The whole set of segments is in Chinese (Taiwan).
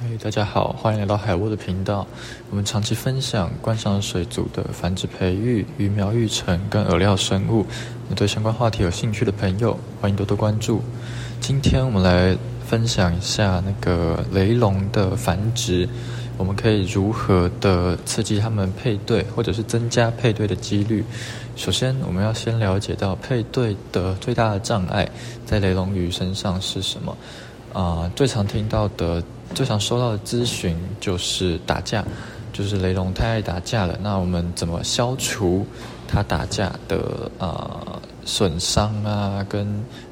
嘿、hey，大家好，歡迎來到海沃的頻道。我們長期分享觀賞水族的繁殖、培育、魚苗育成跟餌料生物。有對相關話題有興趣的朋友，歡迎多多關注。今天我們來分享一下那個雷龍的繁殖，我們可以如何的刺激它們配對，或者是增加配對的幾率。首先，我們要先了解到配對的最大的障礙在雷龍魚身上是什麼啊、呃？最常聽到的。最常收到的諮詢就是打架，就是雷龍太愛打架了。那我們怎麼消除它打架的、呃、啊損傷啊跟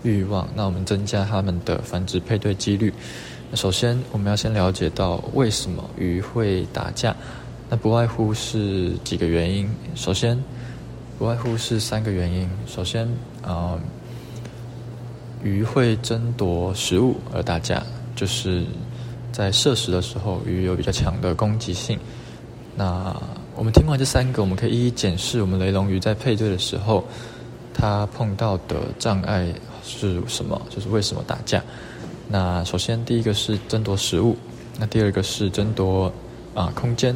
慾望？那我們增加它們的繁殖配對幾率。那首先，我們要先了解到為什麼魚會打架。那不外乎是幾個原因。首先，不外乎是三個原因。首先啊、呃，魚會爭奪食物而打架，就是。在攝食的時候，魚有比較強的攻擊性。那我們聽完這三個，我們可以一一檢視我們雷龍魚在配對的時候，它碰到的障礙是什麼，就是為什麼打架。那首先第一個是爭奪食物，那第二個是爭奪啊空間，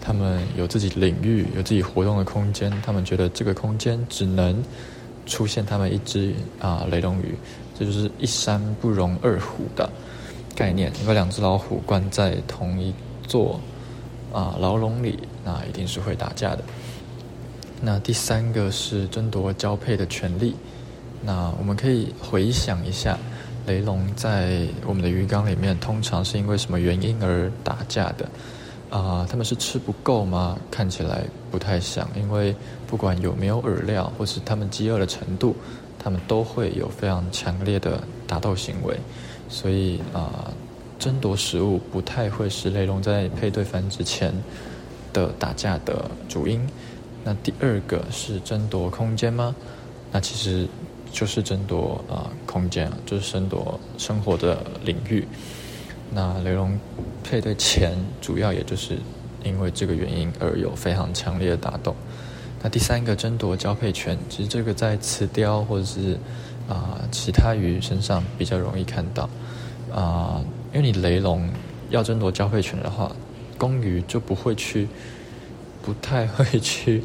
它們有自己領域，有自己活動的空間，它們覺得這個空間只能出現它們一只啊雷龍魚，這就是一山不容二虎的。概念，你把兩隻老虎關在同一座啊、呃、牢籠裡，那一定是會打架的。那第三個是爭奪交配的權利。那我們可以回想一下，雷龍在我們的魚缸裡面，通常是因為什麼原因而打架的？啊、呃，他們是吃不夠嗎？看起來不太像，因為不管有沒有餌料，或是他們飢餓的程度，他們都會有非常強烈的打鬥行為。所以啊、呃，爭奪食物不太會是雷龍在配對繁殖前的打架的主因。那第二個是爭奪空間嗎？那其實就是爭奪、呃、啊空間，就是爭奪生活的領域。那雷龍配對前主要也就是因為這個原因而有非常強烈的打鬥。那第三個爭奪交配權，其實這個在慈鯛或者是，啊、呃，其他魚身上比較容易看到啊、呃，因為你雷龍要爭奪交配權的話，公魚就不會去，不太會去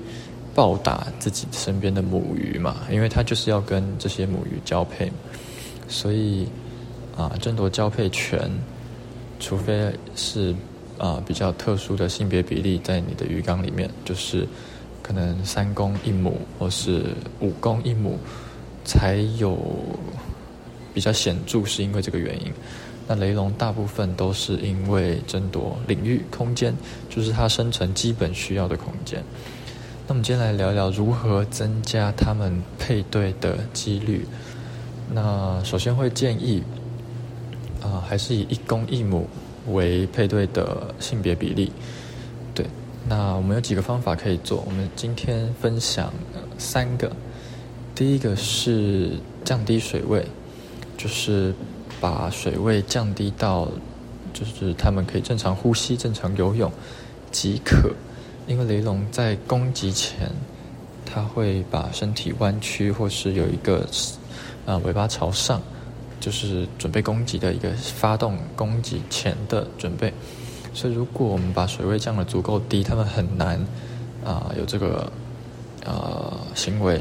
暴打自己身邊的母魚嘛，因為它就是要跟這些母魚交配，所以啊、呃，爭奪交配權，除非是啊、呃、比較特殊的性別比例在你的魚缸裡面，就是可能三公一母或是五公一母。才有比較顯著，是因為這個原因。那雷龍大部分都是因為爭奪領域空間，就是它生存基本需要的空間。那我們今天來聊一聊如何增加它們配對的幾率。那首先會建議啊、呃，還是以一公一母為配對的性別比例。對，那我們有幾個方法可以做，我們今天分享三個。第一個是降低水位，就是把水位降低到，就是他們可以正常呼吸、正常游泳即可。因為雷龍在攻擊前，他會把身體彎曲，或是有一個、呃、尾巴朝上，就是準備攻擊的一個發動攻擊前的準備。所以，如果我們把水位降得足夠低，他們很難啊、呃、有這個啊、呃、行為。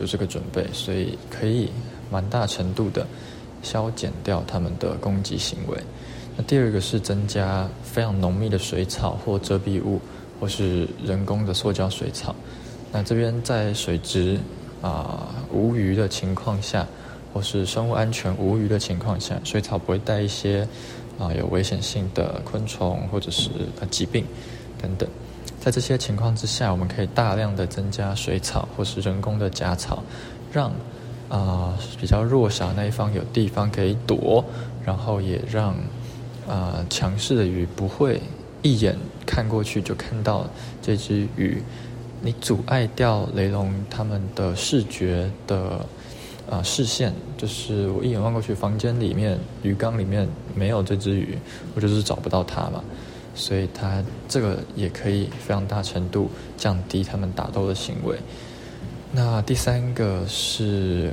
有這個準備，所以可以蠻大程度的削減掉他們的攻擊行為。那第二個是增加非常濃密的水草或遮蔽物，或是人工的塑膠水草。那這邊在水質啊、呃、無魚的情況下，或是生物安全無魚的情況下，水草不會帶一些啊、呃、有危險性的昆蟲或者是、呃、疾病等等。在這些情況之下，我們可以大量的增加水草或是人工的假草，讓啊、呃、比較弱小的那一方有地方可以躲，然後也讓啊、呃、強勢的魚不會一眼看過去就看到這隻魚，你阻礙掉雷龍他們的視覺的啊、呃、視線，就是我一眼望過去，房間裡面魚缸裡面沒有這隻魚，我就是找不到它嘛。所以它這個也可以非常大程度降低他們打鬥的行為。那第三個是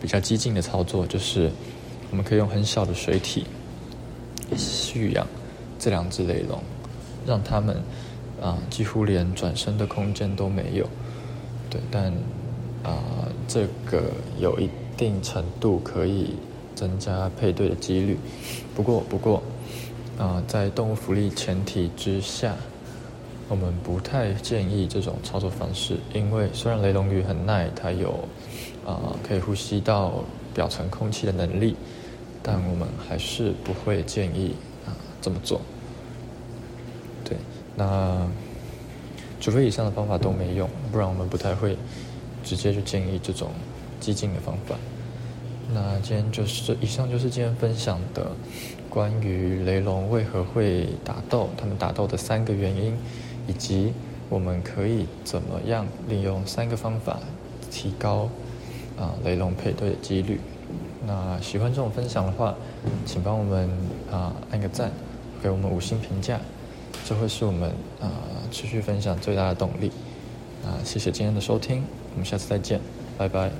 比較激進的操作，就是我們可以用很小的水體，蓄養這兩隻雷龍，讓他們啊、呃、幾乎連轉身的空間都沒有。對，但啊、呃、這個有一定程度可以增加配對的幾率。不過，不過。啊、呃，在動物福利前提之下，我們不太建議這種操作方式。因為雖然雷龍魚很耐，它有啊、呃、可以呼吸到表層空氣的能力，但我們還是不會建議啊、呃、這麼做。對，那除非以上的方法都沒用，不然我們不太會直接就建議這種激進的方法。那今天就是以上就是今天分享的。關於雷龍為何會打鬥，他們打鬥的三個原因，以及我們可以怎麼樣利用三個方法提高啊、呃、雷龍配對的幾率。那喜歡這種分享的話，請幫我們啊、呃、按個讚，給我們五星評價，這會是我們啊、呃、持續分享最大的動力。啊，謝謝今天的收聽，我們下次再見，拜拜。